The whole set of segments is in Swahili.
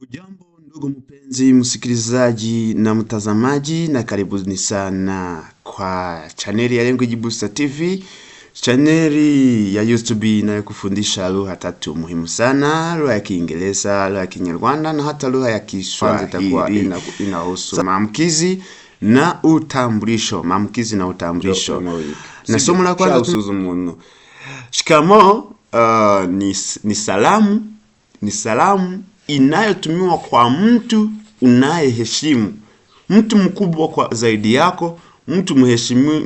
Hujambo ndugu mpenzi msikilizaji na mtazamaji, na karibuni sana kwa chaneli ya Language Booster TV, chaneli ya YouTube inayokufundisha lugha tatu muhimu sana: lugha ya Kiingereza, lugha ya Kinyarwanda na hata lugha ya Kiswahili. Itakuwa inahusu maamkizi na utambulisho, maamkizi na utambulisho. Na somo la kwanza, shikamo, uh, ni, ni salamu ni salamu inayotumiwa kwa mtu unayeheshimu, mtu mkubwa kwa zaidi yako, mtu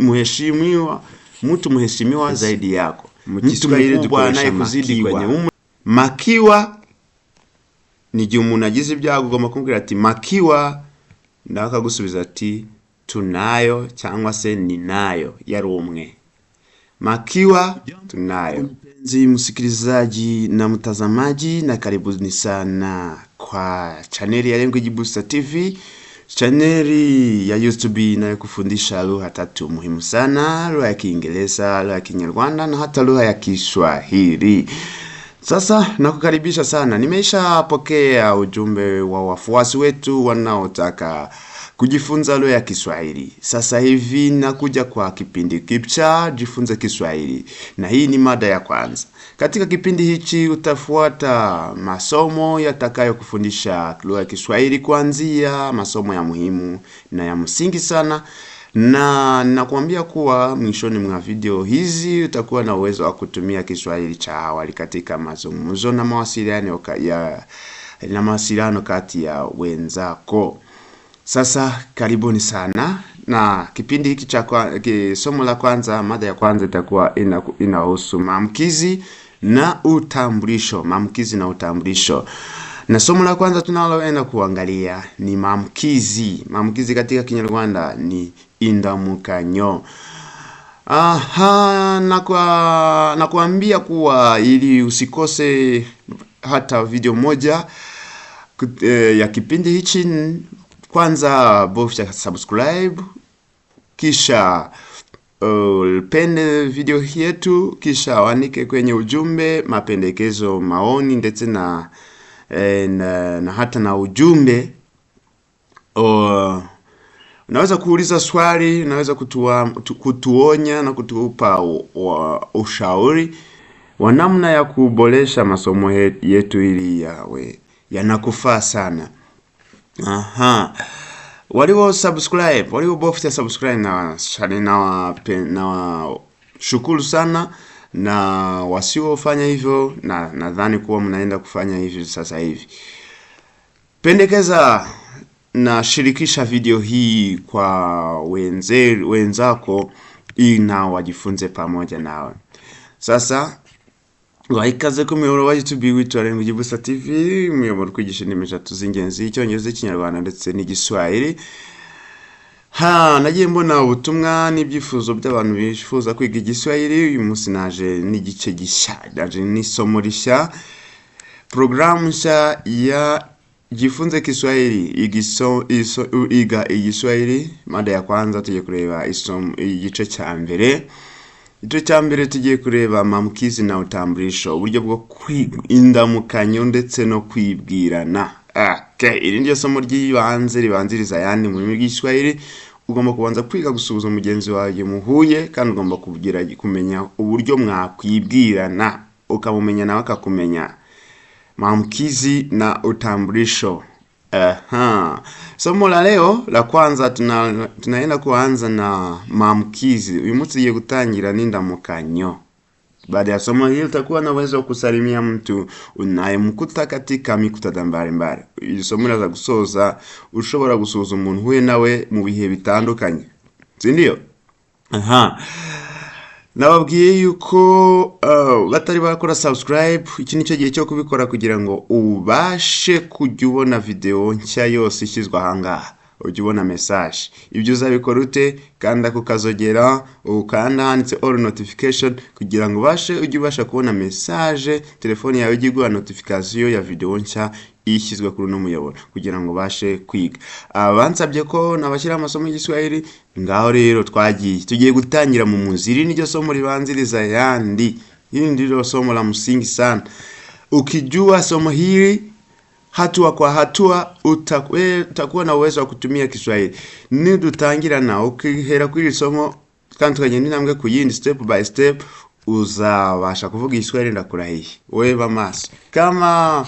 muheshimiwa mtu muheshimiwa zaidi yako, mtu mkubwa anayekuzidi kwenye umri. Makiwa ni jumu umuntu agize ibyago ugomba kumubwira ati makiwa, nawe akagusubiza ati tunayo, cyangwa se ni nayo, yari umwe. Makiwa tunayo. Mpenzi msikilizaji na mtazamaji, na karibuni sana kwa chaneli ya Language Booster TV, chaneli ya YouTube inayokufundisha lugha tatu muhimu sana: lugha ya Kiingereza, lugha ya Kinyarwanda na hata lugha ya Kiswahili. Sasa nakukaribisha sana. Nimeshapokea ujumbe wa wafuasi wetu wanaotaka Kujifunza lugha ya Kiswahili. Sasa hivi nakuja kwa kipindi kipya jifunze Kiswahili, na hii ni mada ya kwanza. Katika kipindi hichi utafuata masomo yatakayokufundisha lugha ya Kiswahili kuanzia masomo ya muhimu na ya msingi sana, na nakuambia kuwa mwishoni mwa video hizi utakuwa na uwezo wa kutumia Kiswahili cha awali katika mazungumzo na mawasiliano ya na mawasiliano kati ya wenzako. Sasa karibuni sana na kipindi hiki cha somo la kwanza, mada ya kwanza itakuwa inahusu ina maamkizi na utambulisho, maamkizi na utambulisho. Na somo la kwanza tunaloenda kuangalia ni maamkizi. Maamkizi katika Kinyarwanda ni indamukanyo. Aha, na kwa nakuambia kuwa ili usikose hata video moja eh, ya kipindi hichi kwanza bofya subscribe, kisha uh, pende video yetu, kisha wanike kwenye ujumbe mapendekezo, maoni ndetse na, eh, na, na hata na ujumbe uh, unaweza kuuliza swali, unaweza kutuwa, kutuonya na kutupa ushauri wa namna ya kuboresha masomo yetu ili yawe yanakufaa sana. Aha. Walio subscribe, walio bofya subscribe na shani na wa, na wa shukuru sana na wasiofanya hivyo na nadhani kuwa mnaenda kufanya hivyo sasa hivi. Pendekeza na shirikisha video hii kwa wenze, wenzako ili nao wajifunze pamoja nawe. Sasa Guha ikaze ku muyoboro wa YouTube witwa Gusa TV, umuyoboro ukwigisha indimi eshatu z'ingenzi, Icyongereza, Ikinyarwanda ndetse n'Igiswahili. Ha, nagiye mbona ubutumwa n'ibyifuzo by'abantu bifuza kwiga Igiswahili, uyu munsi naje n'igice gishya, naje n'isomo rishya, porogaramu nshya ya gifunze Kiswahili, iga Igiswahili, mada ya kwanza, tujye kureba igice cya mbere. Igice cya mbere tugiye kureba maambukizi na utambulisho, uburyo bwo kwindamukanyo ndetse no kwibwirana. Okay, iri ni somo ry'ibanze ribanziriza ayandi mu rurimi rw'Igiswahili, ugomba kubanza kwiga gusuhuza mugenzi wawe muhuye kandi ugomba kugira kumenya uburyo mwakwibwirana, ukamumenya nawe akakumenya. Maambukizi na utambulisho. Aha. Somo la leo la kwanza tunaenda tuna, kuanza na maamkizi wimutse yekutangira nindamukanyo. Baada ya somo hili utakuwa na uwezo wa kusalimia mtu unayemkuta katika mikutano mbalimbali. Somo la gusoza ushobora gusuza umuntu uhuye nawe mu bihe bitandukanye. Si ndio? Aha. nababwiye yuko uh, batari bakora subscribe iki ni gihe cyo kubikora kugira ngo ubashe kujya ubona videwo nshya yose ishyizwe ahangaha ujya ubona mesaje ibyo uzabikora ute kanda ku kazogera ukanda handitse all notification kugira ngo ubashe ujye ubasha kubona mesaje telefone yawe ijye iguha notification ya videwo nshya ishyizwe kuri uno muyoboro kugira ngo ubashe kwiga ah, bansabye ko nabashyiraho amasomo y'igiswahili ngaho rero twagiye tugiye gutangira mu muzi iri niryo somo ribanziriza yandi hili ndilo somo la msingi sana ukijua somo hili hatua kwa hatua utakuwa na uwezo wa kutumia Kiswahili Ni nidutangira na ukihera kuri iri somo tandukanye n'intambwe ku yindi step by step uzabasha kuvuga Kiswahili ndakurahiye wewe ba bamaso kama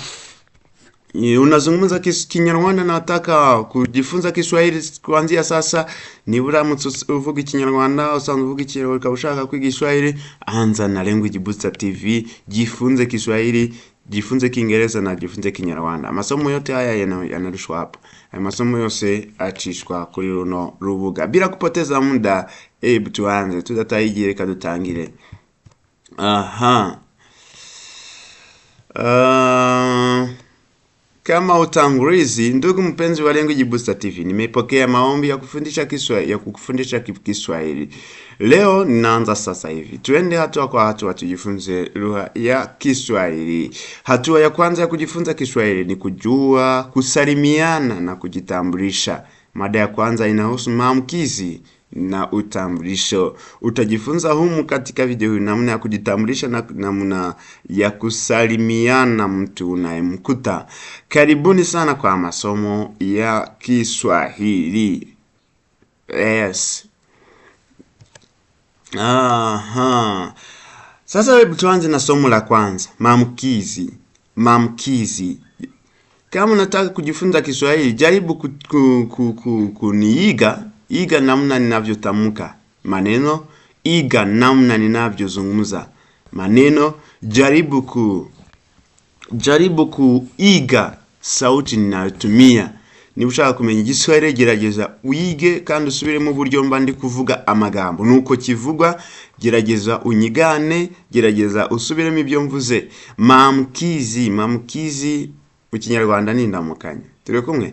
unazungumza Kinyarwanda na unataka kujifunza Kiswahili kuanzia sasa, ni nibura uvuga Kinyarwanda usanzwe uvuga Kinyarwanda ushaka kwiga Kiswahili, anza na Language Booster TV, jifunze Kiswahili jifunze Kiingereza na jifunze Kinyarwanda masomo yote haya yanarushwa hapo eh, masomo yose acishwa kuri runo rubuga bila kupoteza muda hebu tuanze tudatayigiye reka dutangire aha uh, kama utangulizi, ndugu mpenzi wa Language Booster TV, nimepokea maombi ya kufundisha Kiswahili, ya kukufundisha Kiswahili. Leo ninaanza sasa hivi. Tuende hatua kwa hatua tujifunze lugha ya Kiswahili. Hatua ya kwanza ya kujifunza Kiswahili ni kujua kusalimiana na kujitambulisha. Mada ya kwanza inahusu maamkizi na utambulisho. Utajifunza humu katika video hii namna ya kujitambulisha na namna ya kusalimiana mtu unayemkuta. Karibuni sana kwa masomo ya Kiswahili. Yes. Aha. Sasa hebu tuanze na somo la kwanza, maamkizi. Maamkizi. Kama unataka kujifunza Kiswahili, jaribu kuniiga iga namna ninavyotamka maneno, iga namna ninavyozungumza maneno. Jaribu ku jaribu kuiga sauti ninayotumia. Niba ushaka kumenya Igiswahili gerageza uige kandi usubiremo uburyo mba ndi kuvuga amagambo nuko kivugwa. Gerageza unyigane, gerageza usubiremo ibyo mvuze. Maamkizi maamkizi mu Kinyarwanda ni indamukanya. turi kumwe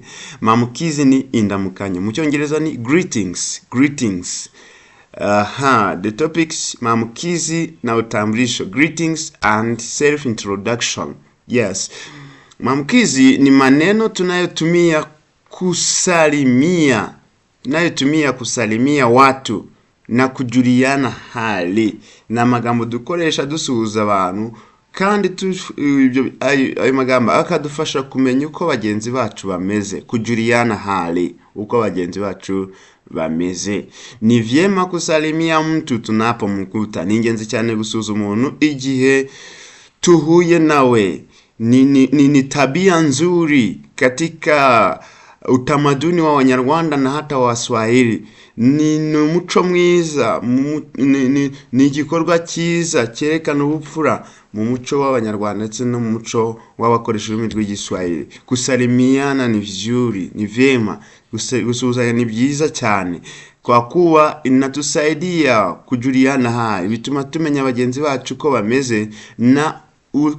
maambukizi ni indamukanyo mu cyongereza ni greetings greetings aha the topics maambukizi na utambulisho greetings and self introduction yes maambukizi ni maneno tunayotumia kusalimia tunayotumia kusalimia watu na kujuliana hali na magambo dukoresha dusuhuza abantu kandi eh, ayo magambo akadufasha kumenya uko bagenzi bacu bameze kujuliana hali uko bagenzi bacu bameze ni vyema kusalimia mtu tunapomkuta ni ingenzi cyane gusuza umuntu igihe tuhuye nawe ni, ni, ni, ni tabia nzuri katika utamaduni wa Wanyarwanda na hata Waswahili. Ni, ni umuco mwiza mu, ni, igikorwa cyiza cyerekana ubupfura mu muco w'Abanyarwanda ndetse no mu muco w'abakoresha ururimi rw'Igiswahili. Kusalimiana ni vizuri, ni vyema. Gusuhuzanya ni byiza cyane kwa kuwa inatusaidia kujuliana ha bituma tumenya bagenzi bacu uko bameze na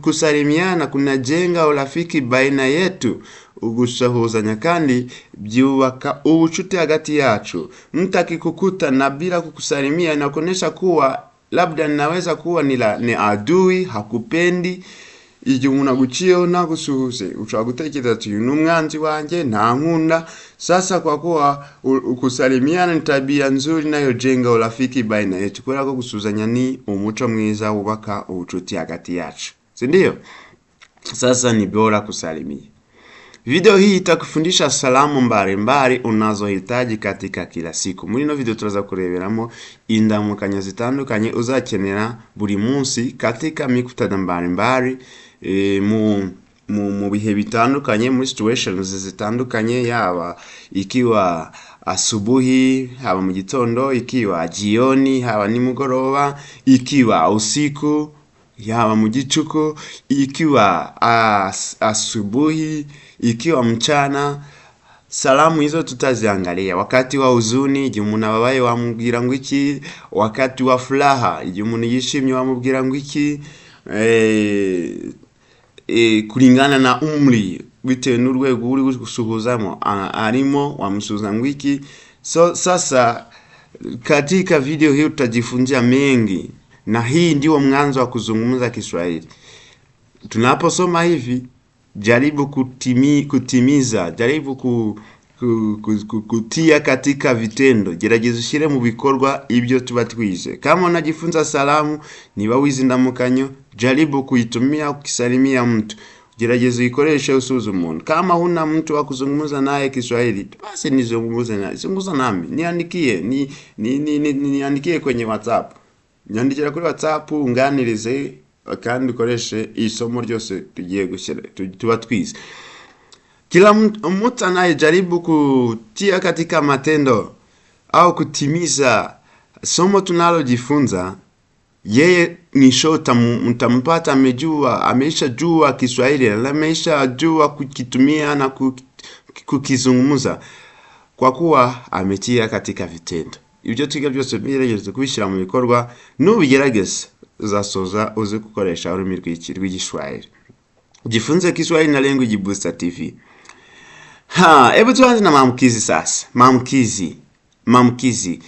Kusalimiana kunajenga urafiki baina yetu ugusuhuza nyakandi byubaka ubucuti hagati yacu. Mtu akikukuta na bila kukusalimia inakuonyesha kuwa labda ninaweza kuwa nila, ni adui hakupendi igihe aguciyeho nagusuhuze ushobora gutekereza ati uyu ni umwanzi wanjye ntankunda sasa kwa kuwa ukusalimiana ni tabia nzuri nayo jenga urafiki baina yetu kubera ko gusuhuzanya ni umuco mwiza wubaka ubucuti hagati yacu si ndio? Sasa ni bora kusalimia. Video hii itakufundisha salamu mbalimbali unazohitaji katika kila siku mulino video turaza kureberamo indamukanyo zitandukanye uzakenera buri munsi katika mikutano mbalimbali e, mu mu bihe bitandukanye muri situations zitandukanye yaba ikiwa asubuhi haba mu gitondo ikiwa jioni haba nimugoroba ikiwa usiku yawa mjichuko, ikiwa as, asubuhi, ikiwa mchana. Salamu hizo tutaziangalia wakati wa huzuni jumuna babaye wamubwira ngo iki, wakati wa furaha jumuna yishimye wamubwira ngo iki e, e, kulingana na umri bitewe n'urwego uri gusuhuzamo arimo wamsuhuza ngo iki. So sasa katika video hii tutajifunzia mengi na hii ndio mwanzo wa kuzungumza Kiswahili. Tunaposoma hivi, jaribu kutimi, kutimiza, jaribu ku, ku, ku, ku, kutia katika vitendo, gerageza mu bikorwa ibyo tuba twize. Kama unajifunza salamu, niba wize ndamukanyo, jaribu kuitumia ukisalimia mtu Gerageza ikoreshe usuzu umuntu. Kama huna mtu wa kuzungumza naye Kiswahili, basi nizungumze naye, zungumza nami, niandikie ni, ni, ni, ni, niandikie kwenye WhatsApp nyandikira kuri whatsapp unganirize kandi ukoreshe isomo ryose tugiye gushyira tuba twize kila mtu anayejaribu kutia katika matendo au kutimiza somo tunalojifunza yeye ni shota mtampata amejua, ameisha jua Kiswahili, ameisha jua kukitumia na kukizungumza, kwa kuwa ametia katika vitendo ibyo twiga byose bigerageze kubishyira mu bikorwa nubigerageza uzasoza uzi gukoresha ururimi rw'igishwahili gifunze Kiswahili na Language Booster TV. Ha, hebu tuanze na maamkizi sasa. Maamkizi. Maamkizi.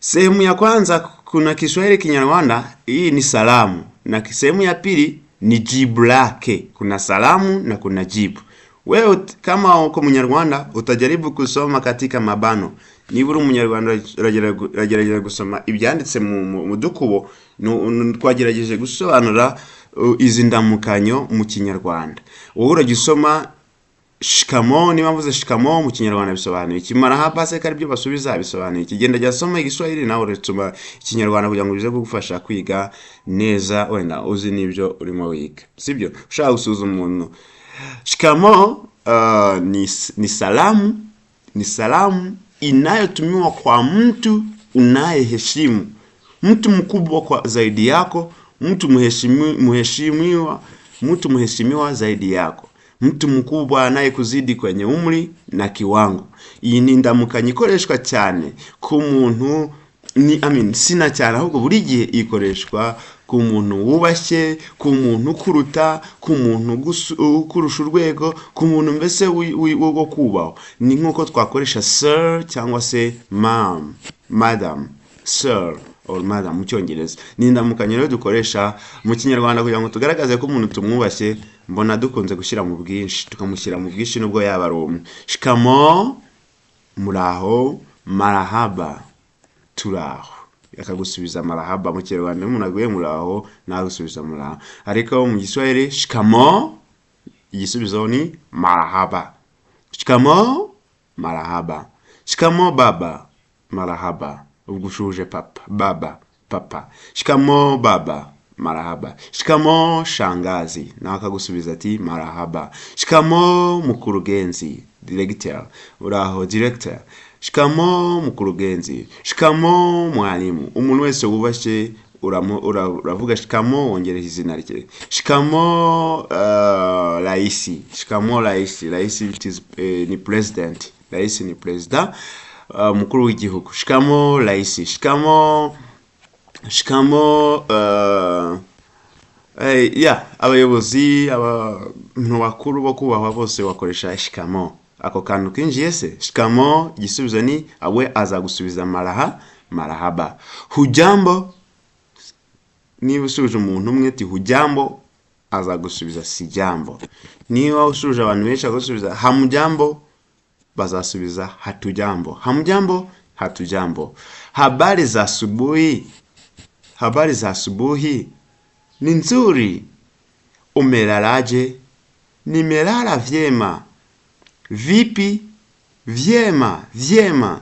Sehemu ya kwanza kuna Kiswahili Kinyarwanda, hii ni salamu. Na sehemu ya pili ni jibu lake. Kuna salamu na kuna jibu. Wewe kama uko Mnyarwanda utajaribu kusoma katika mabano. niba uri umunyarwanda uragerageza gusoma ibyanditse mu dukubo twagerageje gusobanura uh, izi ndamukanyo mu kinyarwanda wowe uragisoma shikamo niba mvuze shikamo mu kinyarwanda bisobanuye iki ha ha paseka aribyo basubiza bisobanuye ikigenda genda jya igiswahili nawe urasoma ikinyarwanda kugira ngo bize kugufasha kwiga neza wenda uzi n'ibyo urimo wiga sibyo ushaka gusuza umuntu shikamo uh, ni, ni salamu ni salamu inayotumiwa kwa mtu unayeheshimu, mtu mkubwa kwa zaidi yako, mtu muheshimiwa mtu mheshimiwa zaidi yako, mtu mkubwa anayekuzidi kwenye umri na kiwango. Iyi ni ndamukanyo ikoreshwa cyane ku muntu ni amin sina cyane ahubwo buri gihe ikoreshwa ku muntu wubashye ku muntu ukuruta ku muntu ukurusha urwego ku muntu mbese wo kubaho ni nk'uko twakoresha sir cyangwa se mamu madam sir or madam mu cyongereza ni indamukanyo rero dukoresha mu kinyarwanda kugira ngo tugaragaze ko umuntu tumwubashye mbona dukunze gushyira mu bwinshi tukamushyira mu bwinshi nubwo yaba ari umwe shikamo muraho marahaba turaho akagusubiza marahaba mu kirwanda iyo umuntu aguye muraho nagusubiza muraho ariko mu giswahili shikamo igisubizo ni marahaba shikamo marahaba shikamo baba marahaba ubwo papa baba papa shikamo baba marahaba shikamo shangazi nawe akagusubiza ati marahaba shikamo mukurugenzi director uraho director shikamo mukurugenzi shikamo mwalimu umuntu wese wubashe uravuga shikamo wongera izina rye shikamo uh, raisi shikamo raisi raisi eh, ni president raisi ni perezida uh, mukuru w'igihugu shikamo raisi shikamo shikamo uh, eh, ya abayobozi abantu bakuru bo kubahwa bose bakoresha shikamo ako kantu kinjiyese shikamo igisubizo ni awe azagusubiza maraha marahaba hujambo niba usubije umuntu umwe ati hujambo azagusubiza sijambo niba usubije abantu benshi agusubiza hamujambo bazasubiza hatujambo hamujambo hatujambo habari za asubuhi habari za asubuhi ni nzuri umelalaje nimelala vyema Vipi? Vyema, vyema.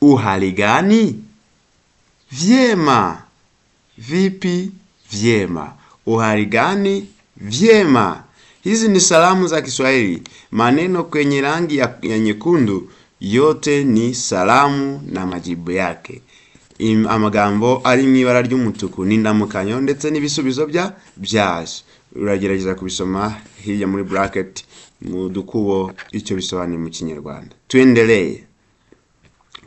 Uhali gani? Vyema. Vipi? Vyema. Uhali gani? Vyema. Hizi ni salamu za Kiswahili. Maneno kwenye rangi ya, ya nyekundu yote ni salamu na majibu yake. Amagambo ari mu ibara ry'umutuku ni n'indamukanyo ndetse n'ibisubizo bya byazo. Uragerageza kubisoma hirya muri bracket. mu dukubo icyo bisobanuye mu Kinyarwanda. Tuendelee,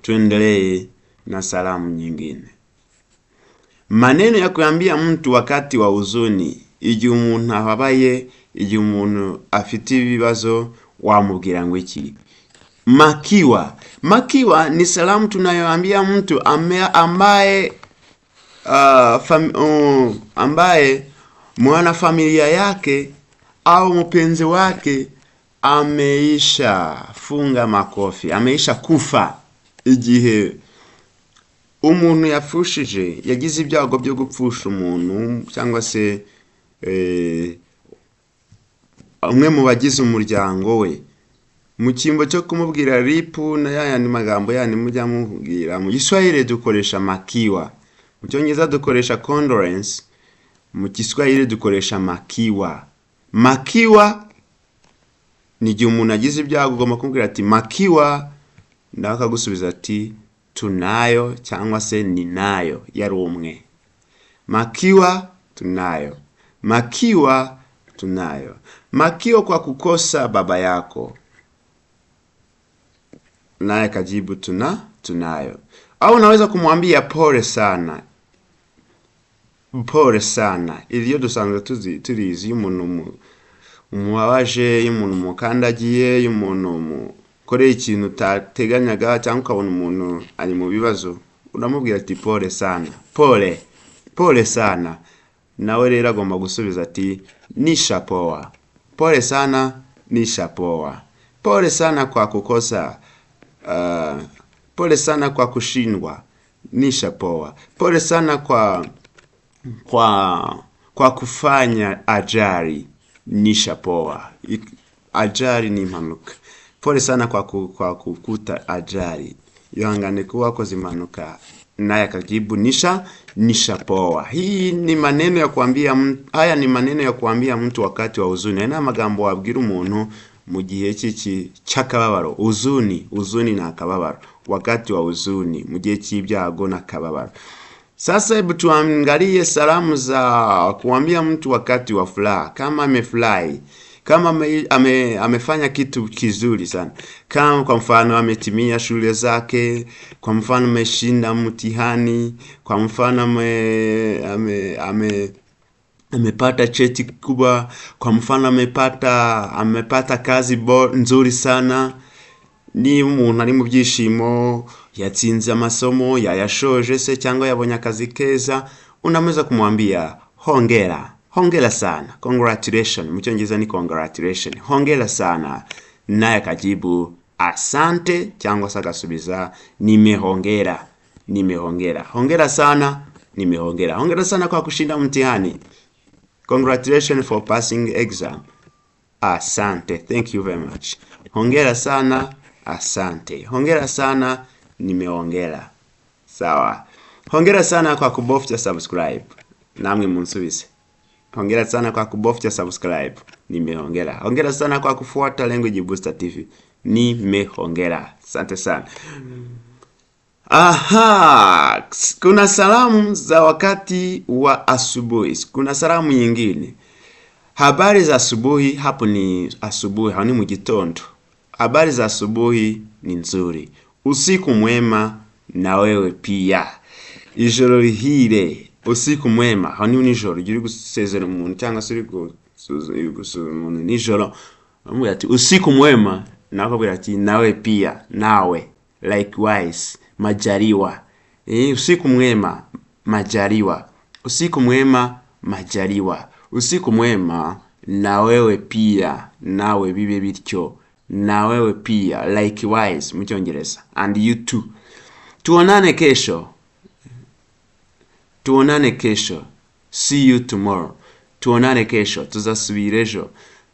tuendelee na salamu nyingine, maneno ya kuambia mtu wakati wa huzuni, igihe umuntu ababaye, igihe umuntu afite ibibazo wamubwira ngo iki? Makiwa. Makiwa ni salamu tunayoambia mtu ambaye Uh, fam, uh, ambaye mwana familia yake au mpenzi wake ameisha funga makofi ameisha kufa igihe umuntu yapfushije yagize ibyago byo gupfusha umuntu cyangwa se eh, umwe mu bagize umuryango we mu cyimbo cyo kumubwira ripu na yandi magambo yandi mujya mubwira mu giswahili dukoresha makiwa mu cyongereza dukoresha condolensi mu giswahili dukoresha makiwa makiwa n'igihe umuntu agize ibyago ugomba kumubwira ati makiwa nawe akagusubiza ati tunayo cyangwa se ni nayo yari umwe makiwa tunayo makiwa tunayo makiwa kwa kukosa baba yako naye akajibu tuna tunayo au unaweza kumwambia pole sana pole sana iliyo dusanzwe tuzi turizi umuntu umubabaje yumuntu mukanda iyo umuntu umukandagiye iyo umuntu umukoreye ikintu utateganyaga cyangwa ukabona umuntu ari mu bibazo uramubwira ati pole sana pole pole sana nawe rero agomba gusubiza ati nishapoa pole sana nishapoa pole sana kwa kukosa uh, pole sana kwa kushindwa nishapoa pole sana kwa kwa kwa kufanya ajari nyisha poa. Ajali ni impanuka. Pole sana kwa, ku, kwa kukuta ajari Yohangane kuwako zimanuka. Naye akajibu nisha nisha poa. Hii ni maneno ya kuambia haya ni maneno ya kuambia mtu wakati wa huzuni. Ena magambo wabwira umuntu mu gihe cy'iki cy'akababaro uzuni uzuni na akababaro wakati wa uzuni mu gihe cy'ibyago na sasa hebu tuangalie salamu za kuambia mtu wakati wa furaha, kama amefurahi, kama ame, ame, amefanya kitu kizuri sana, kama kwa mfano ametimia shule zake, kwa mfano ameshinda mtihani, kwa mfano ame, ame, ame amepata cheti kubwa, kwa mfano amepata amepata kazi bo, nzuri sana, ni umunari mu byishimo yatsinze amasomo yayashoje se cyangwa yabonye akazi keza unaweza kumwambia hongera hongera sana congratulation mu cyongereza ni congratulation hongera sana naye akajibu asante cyangwa se agasubiza nimehongera nimehongera hongera sana nimehongera hongera sana kwa kushinda mtihani congratulation for passing exam asante thank you very much hongera sana asante hongera sana nimeongera sawa hongera sana kwa kubofya subscribe namwe munsubise hongera sana kwa kubofya subscribe nimeongera hongera sana kwa kufuata language booster tv nimehongera asante sana Aha, kuna salamu za wakati wa asubuhi. Kuna salamu nyingine, habari za asubuhi. Hapo ni asubuhi, hani mujitondo. Habari za asubuhi ni nzuri. Usiku mwema na wewe pia. Ijoro rihire. Usiku mwema. Aho ni nijoro uri gusezera umuntu cyangwa se uri gusura umuntu nijoro uramubwira ati usiku mwema nawe akabwira ati nawe pia, nawe likewise, majaliwa. Eh, usiku mwema majaliwa. Usiku mwema majaliwa. Usiku mwema na wewe pia, nawe bibe bityo. na wewe pia likewise mchongereza and you too. Tuonane kesho, tuonane kesho, see you tomorrow. Tuonane kesho, tuzasubirejo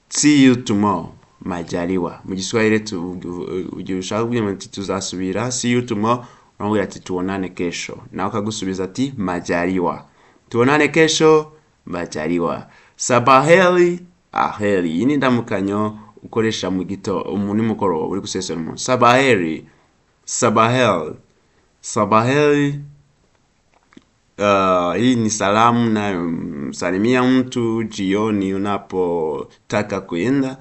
see you tomorrow. Majaliwa mu Kiswahili kugira ati tuzasubira, see you tomorrow, unamubwira ati tuonane kesho, na ukagusubiza ati majaliwa. Tuonane kesho, majaliwa. Sabaheli aheli ini ndamukanyo ukoresha mu gito mukoro uri gusesera umuntu sabaheri sabahel sabaheri Uh, hii ni salamu na nayomsalimia mm, mtu jioni unapotaka kuenda.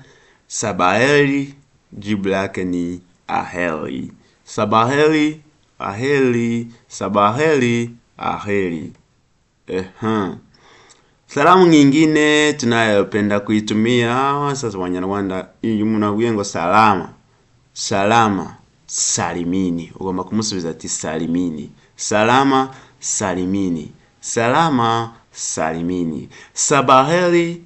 Sabaheri, jibu lake ni aheli Sabaheri, aheli sabaheri, aheri. uh -huh. Salamu nyingine tunayopenda kuitumia sasa Wanyarwanda munabwiye ngo salama salama salimini ugomba kumusubiza ati salimini salama salimini salama salimini sabaheri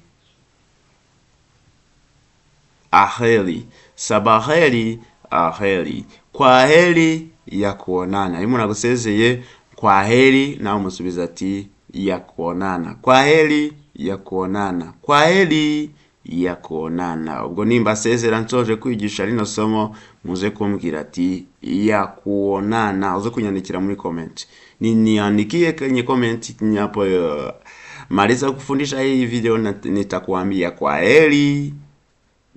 aheri sabaheri aheri kwa heri ya kuonana iyo kwa heri nawe umusubiza ati ya kuonana, kwa heri ya kuonana, kwa heri ya kuonana. Ubwo nimba nsoje kwigisha rino somo muze kumbwira ati ya kuonana, uze kunyandikira muri comment, niniandikie kwenye comment hapo. Eh, maliza kufundisha hii video, nitakuambia kwa heri,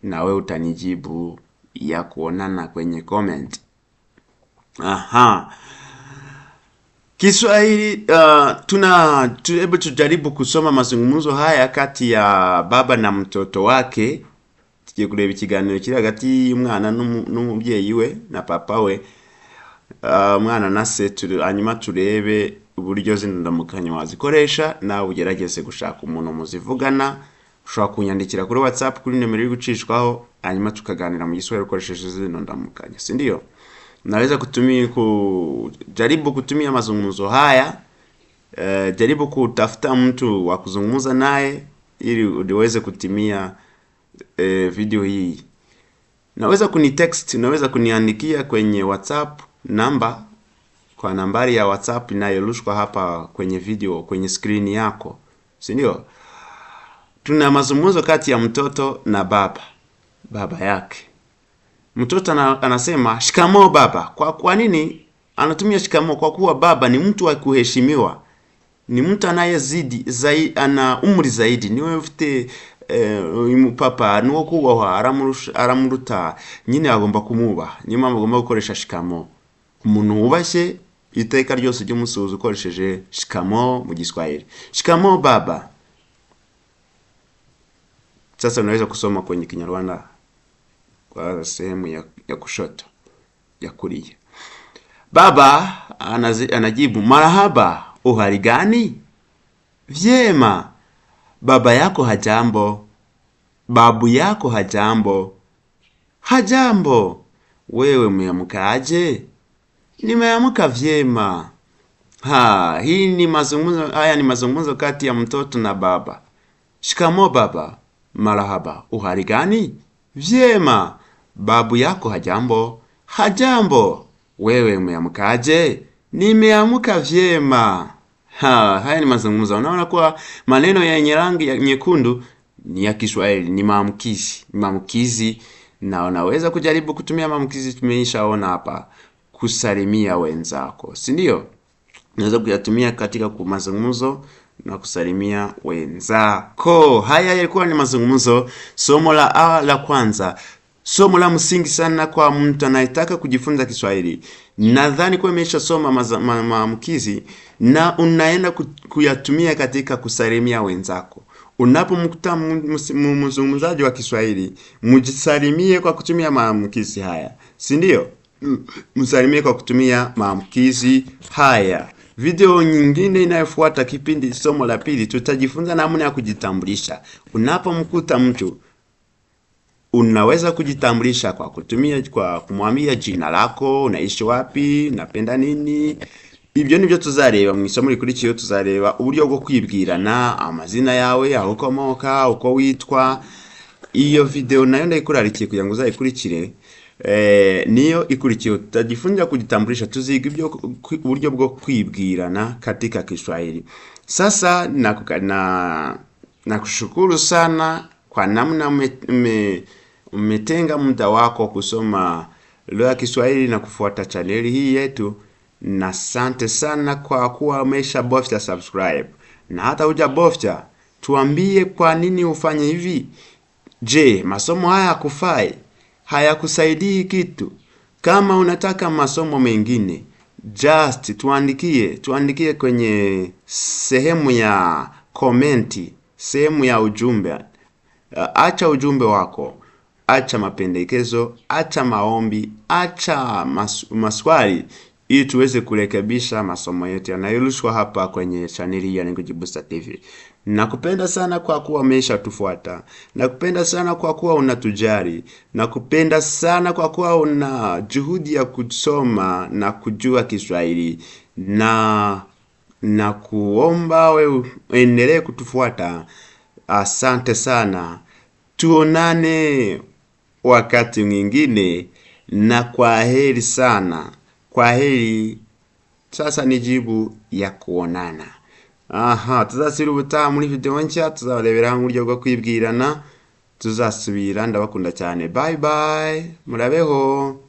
na we utanijibu ya kuonana kwenye comment. Aha. Kiswahili uh, tuna hebu tujaribu kusoma mazungumzo haya kati ya baba na mtoto wake, tugiye kureba ikiganiro kiri hagati y'umwana n'umubyeyi we na papa we umwana uh, na se hanyuma turebe uburyo zino wazikoresha nawe ugerageze gushaka umuntu muzivugana ushobora kunyandikira kuri whatsapp kuri nimero iri gucishwaho hanyuma tukaganira mu giswahili ukoresheje zino si ndio Unaweza kutumia kujaribu kutumia mazungumzo haya e, jaribu kutafuta mtu wa kuzungumza naye ili uweze kutimia e, video hii. Naweza kunitext, unaweza kuniandikia kwenye WhatsApp namba kwa nambari ya WhatsApp inayorushwa hapa kwenye video kwenye screen yako, si ndio? Tuna mazungumzo kati ya mtoto na baba baba yake. Mtoto anasema shikamoo baba. Kwa, kwa nini anatumia shikamoo? Kwa kuwa baba ni mtu wa kuheshimiwa, ni mtu anayezidi zaidi, ana umri zaidi, ni wewe ufite uyu mupapa wo kubahwa aramuruta, nyine agomba kumuba Niyo mpamvu agomba gukoresha shikamo Umuntu wubashye iteka ryose ujye umusuhuza ukoresheje shikamo mu Kiswahili. shikamo baba. Sasa unaweza kusoma kwenye Kinyarwanda kwa sehemu ya, ya kushoto ya kulia. Baba anazi, anajibu marahaba, uhali gani? Vyema. Baba yako hajambo? Babu yako hajambo? Hajambo. Wewe umeamkaje? Nimeamka vyema. Ha, hii ni mazungumzo, haya ni mazungumzo kati ya mtoto na baba. Shikamo baba. Marahaba, uhali gani? Vyema. Babu yako hajambo? Hajambo. Wewe umeamkaje? Nimeamka vyema. Ha, haya ni mazungumzo. Unaona kuwa maneno yenye rangi ya nyekundu ni ya Kiswahili, ni maamkizi, maamkizi, na unaweza kujaribu kutumia maamkizi. Tumeishaona hapa kusalimia wenzako, si ndio? Unaweza kuyatumia katika mazungumzo na kusalimia wenzako. Haya yalikuwa ni mazungumzo, somo la a la kwanza somo la msingi sana kwa mtu anayetaka kujifunza Kiswahili. Nadhani kuwa imeshasoma maamkizi ma, na unaenda kuyatumia katika kusalimia wenzako. Unapomkuta mzungumzaji wa Kiswahili, mjisalimie kwa kutumia maamkizi haya, si ndio? Msalimie kwa kutumia maamkizi haya. Video nyingine inayofuata, kipindi somo la pili, tutajifunza namna ya kujitambulisha. Unapomkuta mtu Unaweza kujitambulisha kwa kutumia kwa kumwambia jina lako, unaishi wapi, napenda nini. Ibyo nibyo tuzareba mu isomo rikurikiyeho, tuzareba uburyo bwo kwibwirana, amazina yawe, aho ukomoka, uko witwa. Iyo video nayo ndayikurarikiye kugira ngo uzayikurikire. Eh, niyo ikurikiyo tutajifunza kujitambulisha, tuziga ibyo uburyo bwo kwibwirana katika Kiswahili. Sasa nakuka, na nakushukuru sana kwa namna umetenga muda wako kusoma lugha ya Kiswahili na kufuata chaneli hii yetu, na sante sana kwa kuwa umesha bofya subscribe. Na hata bofya tuambie kwa nini ufanye hivi. Je, masomo haya yakufai Hayakusaidii kitu? Kama unataka masomo mengine, just tuandikie, tuandikie kwenye sehemu ya komenti, sehemu ya ujumbe. Acha ujumbe wako acha mapendekezo, acha maombi, acha mas, maswali ili tuweze kurekebisha masomo yetu yanayorushwa hapa kwenye chaneli ya Language Booster TV. Nakupenda sana kwa kuwa umeshatufuata, nakupenda sana kwa kuwa unatujali, nakupenda sana kwa kuwa una juhudi ya kusoma na kujua Kiswahili na na kuomba we endelee kutufuata. Asante sana, tuonane. wakati mwingine, na kwa heri sana. Kwa heri sasa ni jibu ya kuonana. Aha, tuzasubira ubutaha muri video nshya, tuzabareberaho uburyo bwo kwibwirana, tuzasubira. Ndabakunda cyane, bye bye, murabeho.